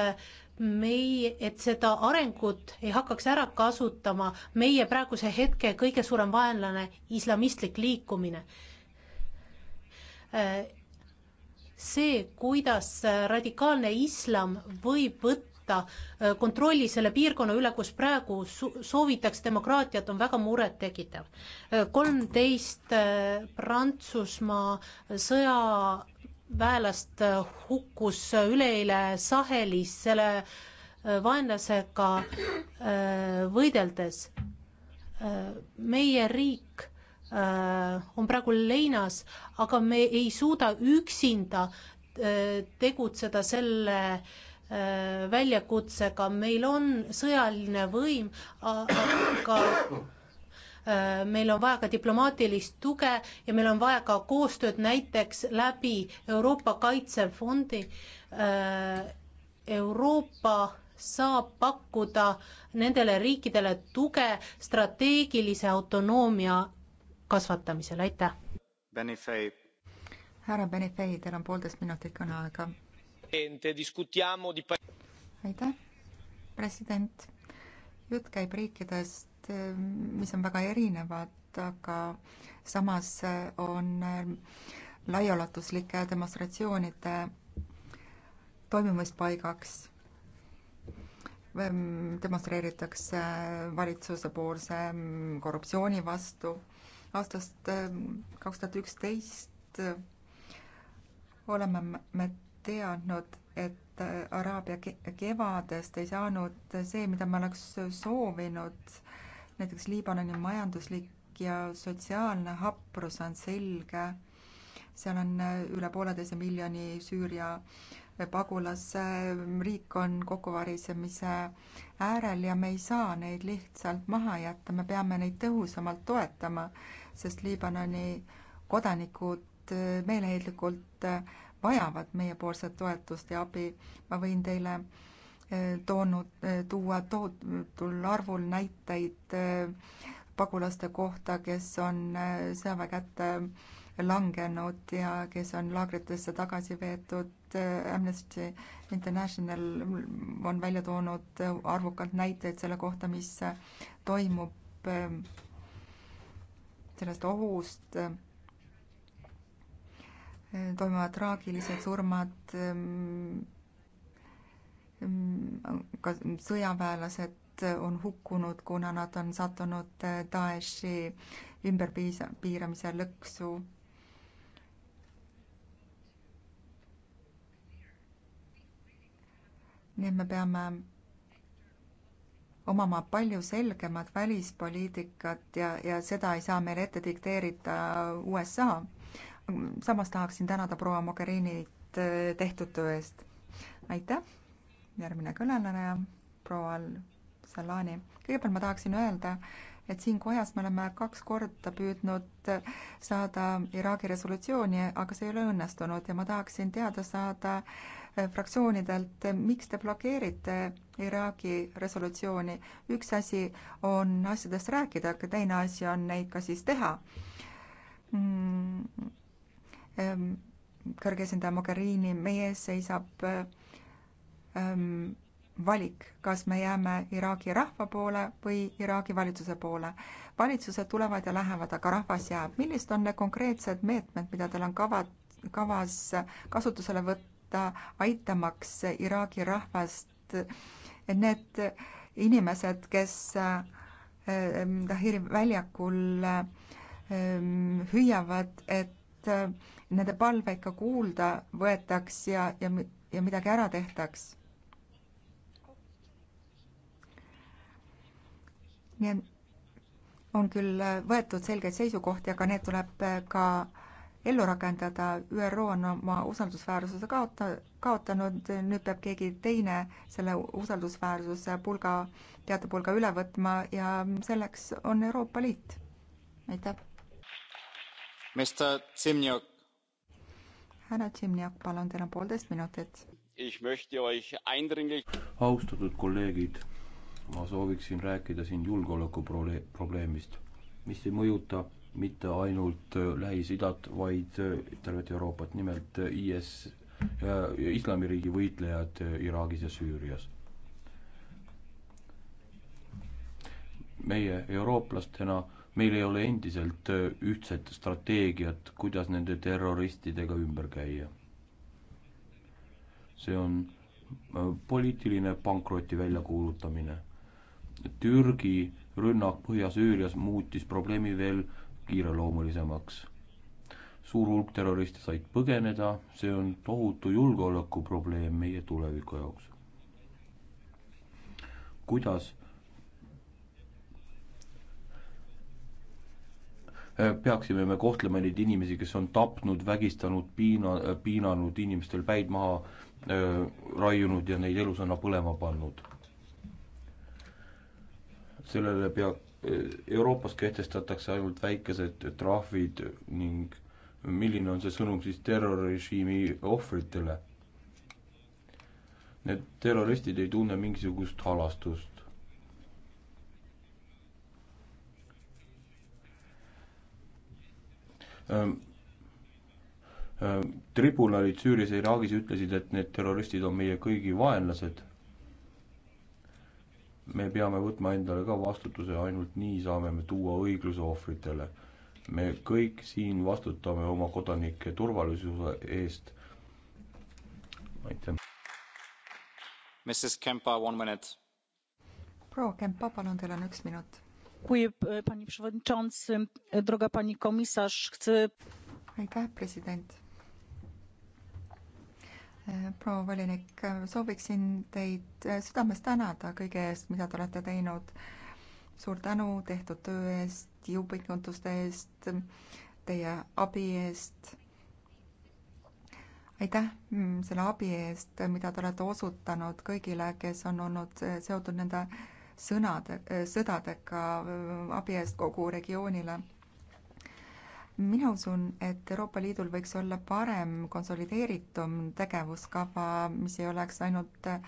Speaker 2: meie, et seda arengut ei hakkaks ära kasutama meie praeguse hetke kõige suurem vaenlane, islamistlik liikumine see, kuidas äh, radikaalne islam võib võtta äh, kontrolli selle piirkonna üle, kus praegu soovitakse demokraatiat, on väga murettekitav. Äh, kolmteist Prantsusmaa sõjaväelast hukkus üleeile Sahelis selle vaenlasega võideldes. meie riik Äh, on praegu leinas, aga me ei suuda üksinda äh, tegutseda selle äh, väljakutsega, meil on sõjaline võim, aga meil on vaja ka diplomaatilist tuge ja meil on vaja ka koostööd näiteks läbi Euroopa Kaitsefondi. Euroopa saab pakkuda nendele riikidele tuge strateegilise autonoomia
Speaker 1: kasvatamisel, aitäh! härra Benifei, teil on poolteist minutit kõneaega. aitäh, president. jutt käib riikidest, mis on väga erinevad, aga samas on laiaulatuslike demonstratsioonide toimumispaigaks demonstreeritakse valitsuse poolse korruptsiooni vastu aastast ähm, kaks tuhat üksteist äh, oleme me teadnud, et äh, Araabia kevadest ei saanud see, mida me oleks soovinud. näiteks Liibanoni majanduslik ja sotsiaalne haprus on selge. seal on äh, üle pooleteise miljoni Süüria äh, pagulasriik on kokkuvarisemise äärel ja me ei saa neid lihtsalt maha jätta, me peame neid tõhusamalt toetama, sest Liibanoni kodanikud meeleheitlikult vajavad meiepoolset toetust ja abi. ma võin teile eh, toonud, eh, tuua tohutul arvul näiteid eh, pagulaste kohta, kes on sõjaväe kätte langenud ja kes on laagritesse tagasi veetud. Amnesty International on välja toonud arvukalt näiteid selle kohta, mis toimub ähm, sellest ohust. toimuvad traagilised surmad. Ähm, ähm, ka sõjaväelased on hukkunud, kuna nad on sattunud Daeshi ümberpiisa-, piiramise lõksu nii et me peame omama palju selgemat välispoliitikat ja, ja seda ei saa meile ette dikteerida USA. samas tahaksin tänada proua Mogherinit äh, tehtud töö eest. aitäh, järgmine kõneleja, proua Salani. kõigepealt ma tahaksin öelda, et siin kojas me oleme kaks korda püüdnud saada Iraagi resolutsiooni, aga see ei ole õnnestunud ja ma tahaksin teada saada eh, fraktsioonidelt, miks te blokeerite Iraagi resolutsiooni. üks asi on asjadest rääkida, aga teine asi on neid ka siis teha mm kõrge esindaja Mogherini meie ees seisab ähm, valik, kas me jääme Iraagi rahva poole või Iraagi valitsuse poole. valitsused tulevad ja lähevad, aga rahvas jääb. millised on need konkreetsed meetmed, mida teil on kavad, kavas kasutusele võtta, aitamaks Iraagi rahvast, et need inimesed, kes ehm, Tahiri väljakul ehm, hüüavad, et eh, nende palve ikka kuulda võetaks ja, ja, ja midagi ära tehtaks nii et on küll võetud selgeid seisukohti, aga need tuleb ka ellu rakendada, ÜRO on oma usaldusväärsuse kaota-, kaotanud, nüüd peab keegi teine selle usaldusväärsuse pulga, teatepulga üle võtma ja selleks on Euroopa Liit. aitäh. härra Tšimniak, palun, teil on poolteist minutit.
Speaker 4: austatud kolleegid ma sooviksin rääkida siin julgeoleku probleemist, mis ei mõjuta mitte ainult äh, Lähis-Idat, vaid äh, tervet Euroopat, nimelt äh, IS, Islamiriigi võitlejad Iraagis ja Süürias. meie eurooplastena, meil ei ole endiselt ühtset strateegiat, kuidas nende terroristidega ümber käia. see on poliitiline pankroti väljakuulutamine Türgi rünnak Põhja-Süürias muutis probleemi veel kiireloomulisemaks. suur hulk terroriste said põgeneda, see on tohutu julgeolekuprobleem meie tuleviku jaoks. kuidas peaksime me kohtlema neid inimesi, kes on tapnud, vägistanud, piina, piinanud, inimestel päid maha äh, raiunud ja neid elusana põlema pannud sellele pea, Euroopas kehtestatakse ainult väikesed trahvid ning milline on see sõnum siis terrorirežiimi ohvritele? Need terroristid ei tunne mingisugust halastust. Ehm, ehm, tribunalid Süürias ja Iraagis ütlesid, et need terroristid on meie kõigi vaenlased me peame võtma endale ka vastutuse, ainult nii saame me tuua õigluse ohvritele. me kõik siin vastutame oma kodanike turvalisuse eest. aitäh.
Speaker 3: Mrs Kempa, one minute.
Speaker 1: proua Kempa, palun, teil on üks minut. E, e, aitäh, president Äh, proua volinik, äh, sooviksin teid äh, südamest tänada kõige eest, mida te olete teinud. suur tänu tehtud töö eest, jõupingutuste eest, teie abi eest. aitäh mm, selle abi eest, mida te olete osutanud kõigile, kes on olnud seotud nende sõnade, sõdadega, abi eest kogu regioonile mina usun, et Euroopa Liidul võiks olla parem konsolideeritum tegevuskava, mis ei oleks ainult äh,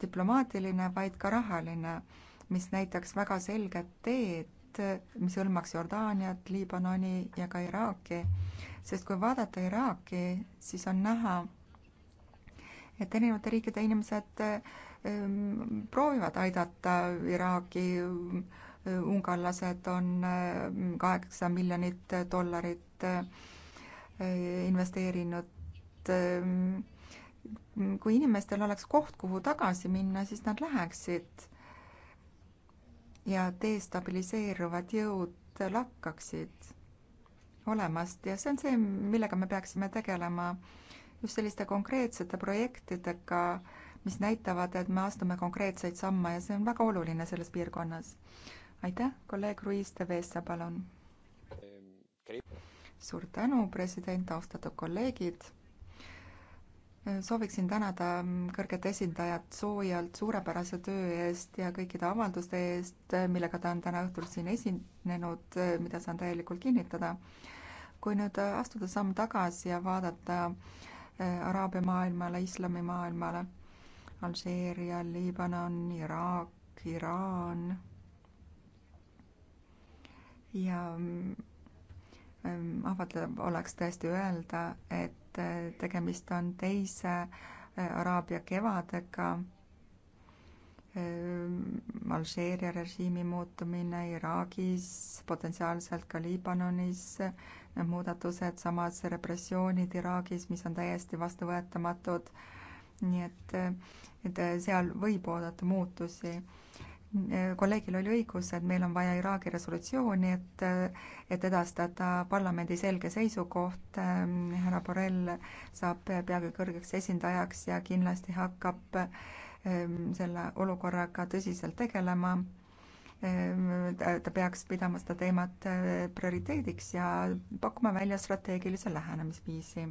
Speaker 1: diplomaatiline, vaid ka rahaline, mis näitaks väga selget teed, mis hõlmaks Jordaaniat, Liibanoni ja ka Iraaki. sest kui vaadata Iraaki, siis on näha, et erinevate riikide inimesed ähm, proovivad aidata Iraaki ungarlased on mm, kaheksa miljonit dollarit eh, investeerinud. Eh, kui inimestel oleks koht, kuhu tagasi minna, siis nad läheksid ja destabiliseeruvad jõud lakkaksid olemast ja see on see, millega me peaksime tegelema just selliste konkreetsete projektidega, mis näitavad, et me astume konkreetseid samme ja see on väga oluline selles piirkonnas aitäh, kolleeg Ruiz de Vesa, palun. suur tänu, president, austatud kolleegid. sooviksin tänada kõrget esindajat soojalt suurepärase töö eest ja kõikide avalduste eest, millega ta on täna õhtul siin esinenud, mida saan täielikult kinnitada. kui nüüd astuda samm tagasi ja vaadata eh, Araabia maailmale, islamimaailmale, Alžeeria, Liibanon, Iraak, Iraan ja ähm, ahvatlev oleks tõesti öelda, et äh, tegemist on teise äh, Araabia kevadega, ähm, Alžeeria režiimi muutumine Iraagis, potentsiaalselt ka Liibanonis, need äh, muudatused, samas repressioonid Iraagis, mis on täiesti vastuvõetamatud, nii et, et seal võib oodata muutusi kolleegil oli õigus, et meil on vaja Iraagi resolutsiooni, et, et edastada parlamendi selge seisukoht. härra Borrell saab peagi kõrgeks esindajaks ja kindlasti hakkab ehm, selle olukorraga tõsiselt tegelema. Ehm, ta peaks pidama seda teemat eh, prioriteediks ja pakkuma välja strateegilise lähenemisviisi.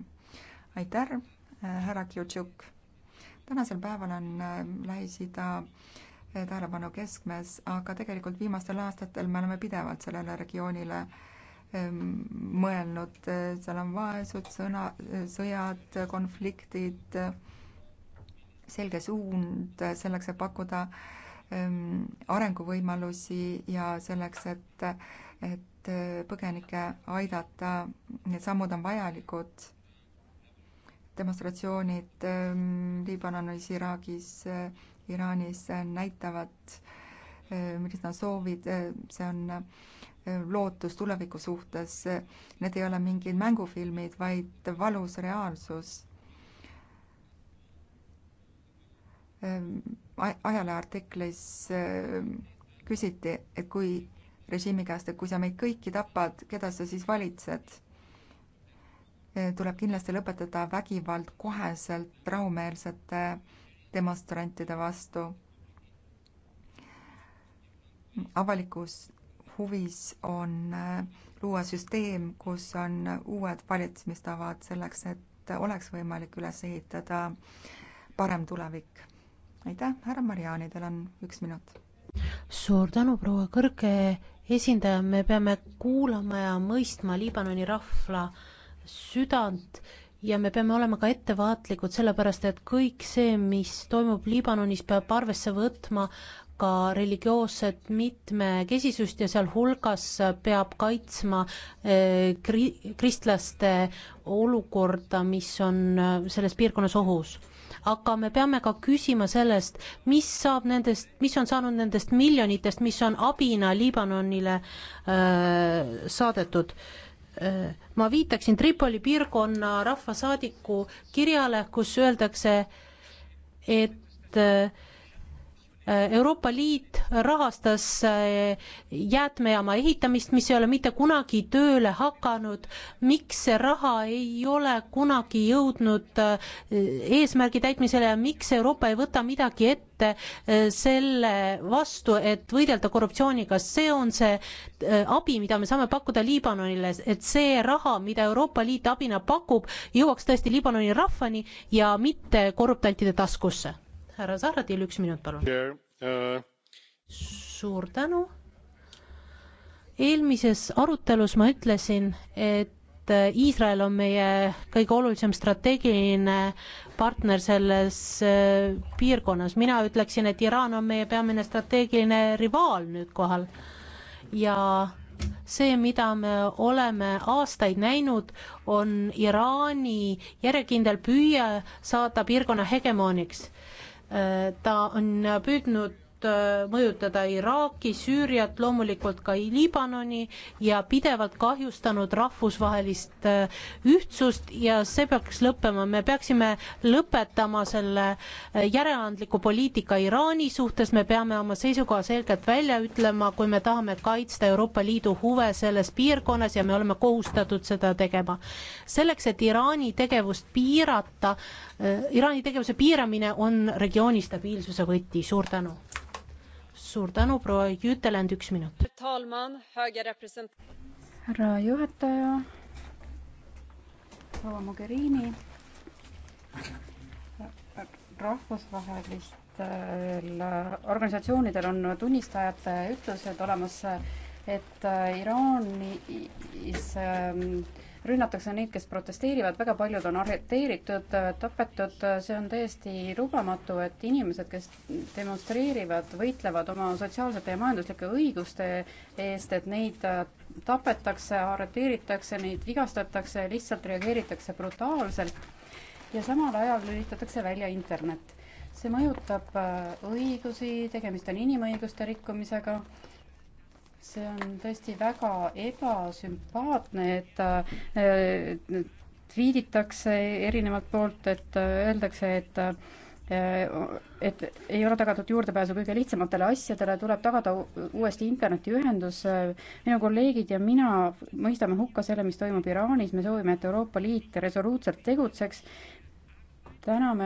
Speaker 1: aitäh, eh, härra Kjutšuk. tänasel päeval on eh, Lähis-Ida äh, tähelepanu keskmes, aga tegelikult viimastel aastatel me oleme pidevalt sellele regioonile ehm, mõelnud, seal on vaesud, sõna, sõjad, konfliktid, selge suund selleks, et pakkuda ehm, arenguvõimalusi ja selleks, et, et põgenikke aidata, need sammud on vajalikud. demonstratsioonid ehm, Liibanonis, Iraagis, Iraanis näitavad, millised on soovid, see on eh, lootus tuleviku suhtes. Need ei ole mingid mängufilmid, vaid valus reaalsus. Eh, ajaleheartiklis eh, küsiti, et kui režiimi käest, et kui sa meid kõiki tapad, keda sa siis valitsed? tuleb kindlasti lõpetada vägivald koheselt rahumeelsete demonstrantide vastu. avalikus huvis on äh, luua süsteem, kus on uued valitsemistavad selleks, et oleks võimalik üles ehitada parem tulevik. aitäh, härra Mariani, teil on üks minut.
Speaker 2: suur tänu, proua kõrge
Speaker 1: esindaja, me peame kuulama ja mõistma
Speaker 2: Liibanoni rahva südant ja me peame olema ka ettevaatlikud, sellepärast et kõik see, mis toimub Liibanonis, peab arvesse võtma ka religioosset mitmekesisust ja sealhulgas peab kaitsma eh, kri-, kristlaste olukorda, mis on eh, selles piirkonnas ohus. aga me peame ka küsima sellest, mis saab nendest, mis on saanud nendest miljonitest, mis on abina Liibanonile öö, eh, saadetud öö, ma viitaksin Tripoli piirkonna rahvasaadiku kirjale, kus öeldakse, et Eh, Euroopa Liit rahastas eh, jäätmejaama ehitamist, mis ei ole mitte kunagi tööle hakanud. miks see raha ei ole kunagi jõudnud eh, eesmärgi täitmisele ja miks Euroopa ei võta midagi ette selle vastu, et võidelda korruptsiooniga, see on see abi, mida me saame pakkuda Liibanonile, et see raha, mida Euroopa Liit abina pakub, jõuaks tõesti Liibanoni rahvani ja mitte korruptantide taskusse härra Zahradil üks minut, palun. suur tänu. eelmises arutelus ma ütlesin, et Iisrael on meie kõige olulisem strateegiline partner selles äh, piirkonnas. mina ütleksin, et Iraan on meie peamine strateegiline rivaal nüüd kohal ja see, mida me oleme aastaid näinud, on Iraani järjekindel püüe saada piirkonna hegemooniks ta on püüdnud Äh, mõjutada Iraaki, Süüriat, loomulikult ka Liibanoni ja pidevalt kahjustanud rahvusvahelist äh, ühtsust ja see peaks lõppema, me peaksime lõpetama selle äh, järeleandliku poliitika Iraani suhtes, me peame oma seisukoha selgelt välja ütlema, kui me tahame kaitsta Euroopa Liidu huve selles piirkonnas ja me oleme kohustatud seda tegema. selleks, et Iraani tegevust piirata, Iraani tegevuse piiramine on regiooni stabiilsuse võti, suur tänu suur tänu, proua Jüteland, üks minut. härra juhataja, proua Mogherini,
Speaker 5: rahvusvahelistel organisatsioonidel on tunnistajate ütlused olemas, et Iraanis äh, rünnatakse neid, kes protesteerivad, väga paljud on arreteeritud, tapetud, see on täiesti lubamatu, et inimesed, kes demonstreerivad, võitlevad oma sotsiaalsete ja majanduslike õiguste eest, et neid äh, tapetakse, arreteeritakse, neid vigastatakse, lihtsalt reageeritakse brutaalselt ja samal ajal lülitatakse välja internet. see mõjutab äh, õigusi, tegemist on inimõiguste rikkumisega see on tõesti väga ebasümpaatne, et äh, tweetitakse erinevalt poolt, et äh, öeldakse, et äh, et ei ole tagatud juurdepääsu kõige lihtsamatele asjadele, tuleb tagada uuesti internetiühendus. minu kolleegid ja mina mõistame hukka selle, mis toimub Iraanis, me soovime, et Euroopa Liit resoluutselt tegutseks täname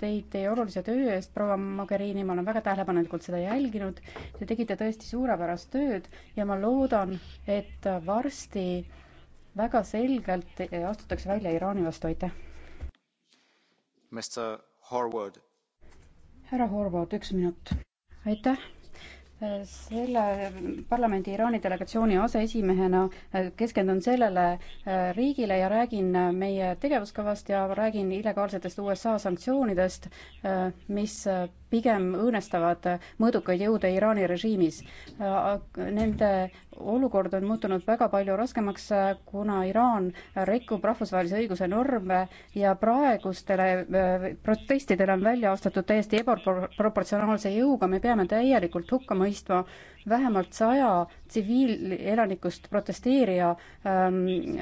Speaker 5: teid teie olulise töö eest, proua Mogherini, ma olen väga tähelepanelikult seda jälginud. Te tegite tõesti suurepärast tööd ja ma loodan, et varsti väga selgelt astutakse välja Iraani vastu, aitäh. härra Horvath, üks minut. aitäh selle parlamendi Iraani delegatsiooni aseesimehena äh, keskendun sellele äh, riigile ja räägin äh, meie tegevuskavast ja räägin illegaalsetest USA sanktsioonidest, mis pigem õõnestavad mõõdukaid jõude Iraani režiimis. Nende olukord on muutunud väga palju raskemaks, kuna Iraan rikub rahvusvahelise õiguse norme ja praegustele äh, protestidele on välja astutud täiesti ebaproportsionaalse jõuga, me peame täielikult hukka mõistma vähemalt saja tsiviilelanikust protesteerija ähm,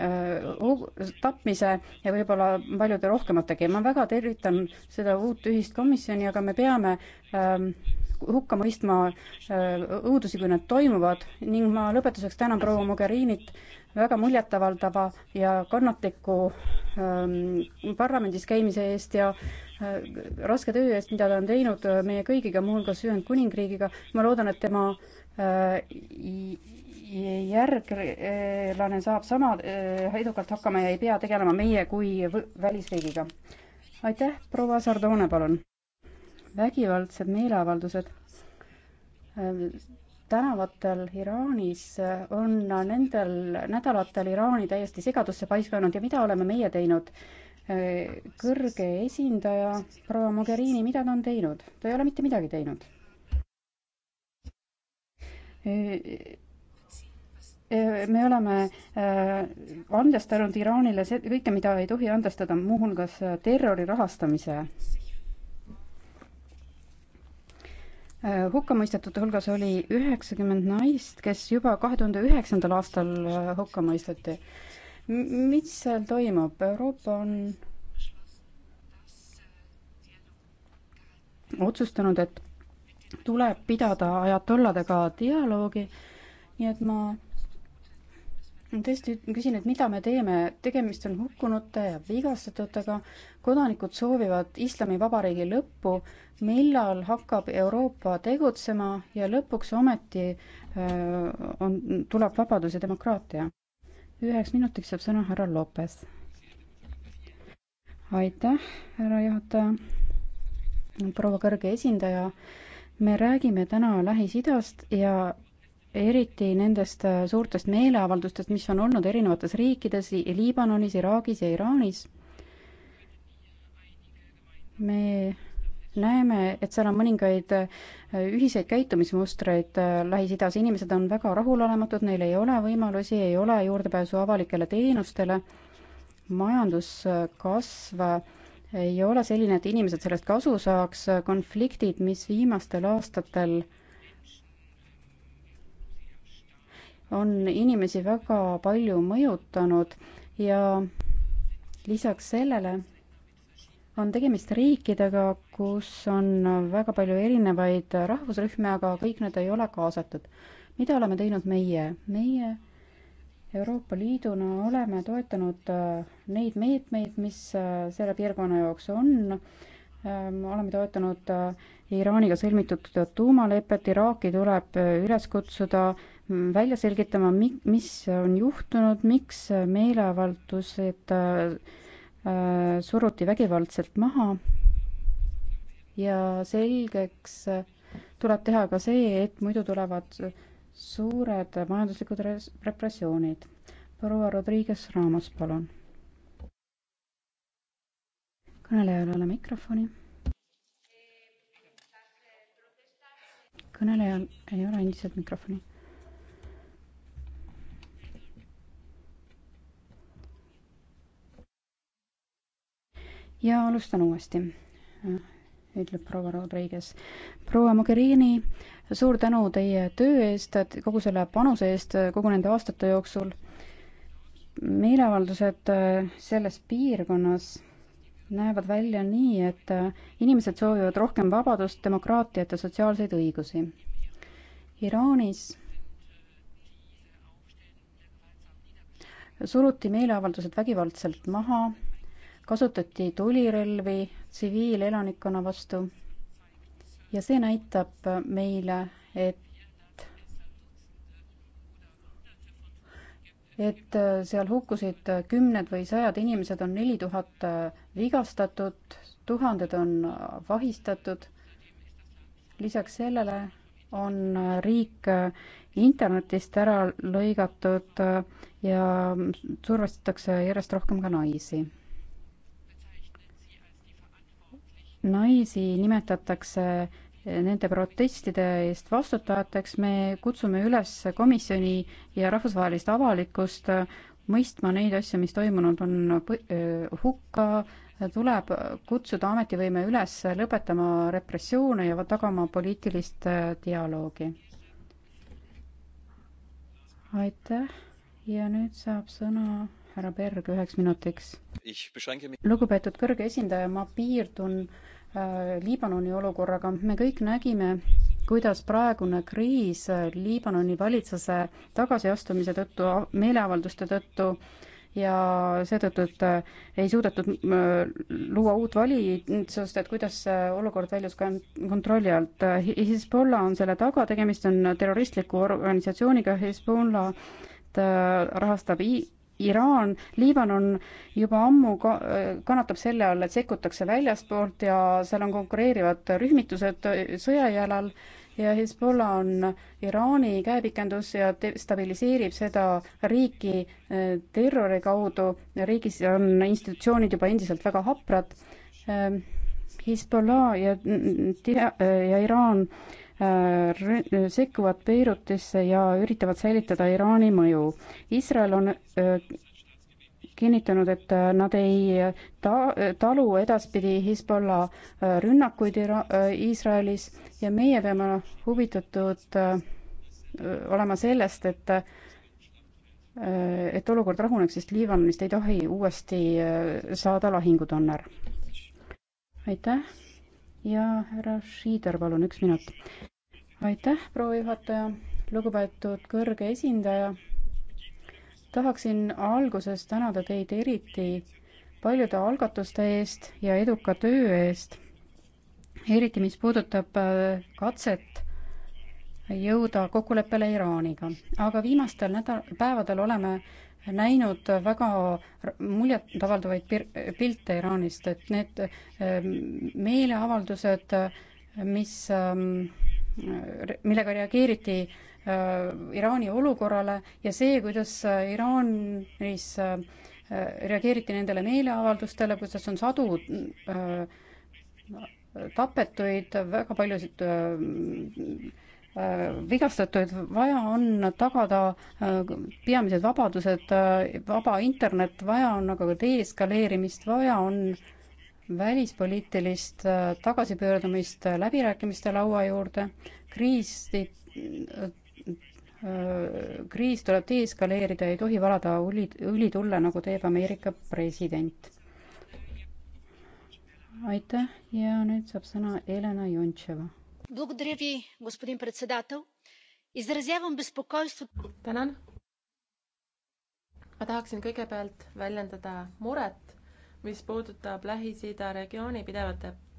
Speaker 5: äh, tapmise ja võib-olla paljude rohkemategi. ma väga tervitan seda uut ühist komisjoni, aga me peame ähm, hukka mõistma äh, õudusi, kui need toimuvad ning ma lõpetuseks tänan proua Mogherinit väga muljetavaldava ja kannatliku ähm, parlamendis käimise eest ja äh, raske töö eest, mida ta on teinud äh, meie kõigiga, muuhulgas Ühendkuningriigiga. ma loodan, et tema äh, järglane saab sama äh, edukalt hakkama ja ei pea tegelema meie kui välisriigiga. aitäh, proua Sardoone, palun! vägivaldsed meeleavaldused tänavatel Iraanis on nendel nädalatel Iraani täiesti segadusse paiskanud ja mida oleme meie teinud? kõrge esindaja proua Mogherini, mida ta on teinud? ta ei ole mitte midagi teinud. me oleme äh, andestanud Iraanile kõike, mida ei tohi andestada, muuhulgas äh, terrori rahastamise Äh, hukkamõistetute hulgas oli üheksakümmend naist, kes juba kahe tuhande üheksandal aastal äh, hukka mõisteti. mis seal toimub? Euroopa on otsustanud, et tuleb pidada ajatolladega dialoogi, nii et ma tõesti küsin, et mida me teeme, tegemist on hukkunute ja vigastatutega, kodanikud soovivad Islamivabariigi lõppu, millal hakkab Euroopa tegutsema ja lõpuks ometi öö, äh, on, tuleb vabadus ja demokraatia? üheks minutiks saab sõna härra Lopes. aitäh, härra juhataja, proua kõrge esindaja, me räägime täna Lähis-Idast ja eriti nendest äh, suurtest meeleavaldustest, mis on olnud erinevates riikides, Liibanonis, Iraagis ja Iraanis. me näeme, et seal on mõningaid äh, ühiseid käitumismustreid äh, Lähis-Idas, inimesed on väga rahulolematud, neil ei ole võimalusi, ei ole juurdepääsu avalikele teenustele, majanduskasv ei ole selline, et inimesed sellest kasu saaks, konfliktid, mis viimastel aastatel on inimesi väga palju mõjutanud ja lisaks sellele on tegemist riikidega, kus on väga palju erinevaid rahvusrühmi, aga kõik nad ei ole kaasatud. mida oleme teinud meie? meie Euroopa Liiduna oleme toetanud äh, neid meetmeid, mis äh, selle piirkonna jaoks on. Ähm, oleme toetanud äh, Iraaniga sõlmitud tuumalepet, Iraaki tuleb üles kutsuda välja selgitama, mi-, mis on juhtunud, miks meeleavaldused äh, äh, suruti vägivaldselt maha ja selgeks äh, tuleb teha ka see, et muidu tulevad suured majanduslikud repressioonid. proua Rodriguez Ramos, palun. kõnelejal ei ole mikrofoni. kõnelejal ei ole endiselt mikrofoni ja alustan uuesti, äh, ütleb proua Rodriguez. proua Mogherini, suur tänu teie töö eest, kogu selle panuse eest äh, kogu nende aastate jooksul. meeleavaldused äh, selles piirkonnas näevad välja nii, et inimesed soovivad rohkem vabadust, demokraatiat ja sotsiaalseid õigusi. Iraanis suruti meeleavaldused vägivaldselt maha kasutati tulirelvi tsiviilelanikkonna vastu ja see näitab meile, et et seal hukkusid kümned või sajad inimesed, on neli tuhat vigastatud, tuhanded on vahistatud. lisaks sellele on riik internetist ära lõigatud ja survestatakse järjest rohkem ka naisi naisi nimetatakse nende protestide eest vastutajateks, me kutsume üles komisjoni ja rahvusvahelist avalikkust mõistma neid asju, mis toimunud on hukka, tuleb kutsuda ametivõime üles lõpetama repressioone ja tagama poliitilist dialoogi. aitäh ja nüüd saab sõna härra Berg üheks minutiks. lugupeetud kõrge esindaja, ma piirdun äh, Liibanoni olukorraga, me kõik nägime, kuidas praegune kriis äh, Liibanoni valitsuse tagasiastumise tõttu, meeleavalduste tõttu ja seetõttu, et äh, ei suudetud äh, luua uut valitsust, et kuidas olukord väljus ka kontrolli alt. Hezbollah on selle taga, tegemist on terroristliku organisatsiooniga, Hezbollah rahastab Iraan, Liibanon juba ammu ka-, kannatab selle all, et sekkutakse väljastpoolt ja seal on konkureerivad rühmitused e, sõjajalal ja Hezbollah on Iraani käepikendus ja te-, stabiliseerib seda riiki e, terrori kaudu, riigis on institutsioonid juba endiselt väga haprad, e, Hezbollah ja tea-, ja Iraan Äh, sekkuvad Beirutisse ja üritavad säilitada Iraani mõju. Iisrael on äh, kinnitanud, et äh, nad ei ta-, talu edaspidi Hezbollah rünnakuid Ira-, Iisraelis ja meie peame huvitatud olema sellest, et et olukord rahuneks, sest Liivanonist ei tohi uuesti saada lahingutonner. aitäh ja härra Šiider, palun, üks minut aitäh, proua juhataja, lugupeetud kõrge esindaja. tahaksin alguses tänada teid eriti paljude algatuste eest ja eduka töö eest, eriti mis puudutab äh, katset jõuda kokkuleppele Iraaniga. aga viimastel nädal-, päevadel oleme näinud väga muljetavaldavaid pir-, pilte Iraanist, et need äh, meeleavaldused, mis ähm, millega reageeriti äh, Iraani olukorrale ja see, kuidas äh, Iraanis äh, reageeriti nendele meeleavaldustele, kuidas on sadu tapetuid, väga paljusid vigastatud, vaja on tagada peamised vabadused, vaba internet, vaja on aga deeskaleerimist, vaja on äh, välispoliitilist äh, tagasipöördumist äh, läbirääkimiste laua juurde, kriisi, äh, kriis tuleb deeskaleerida, ei tohi valada õli, õli tulle, nagu teeb Ameerika president. aitäh ja nüüd saab sõna Elena Jontševa.
Speaker 2: tänan. ma tahaksin kõigepealt väljendada muret mis puudutab Lähis-Ida regiooni pidevat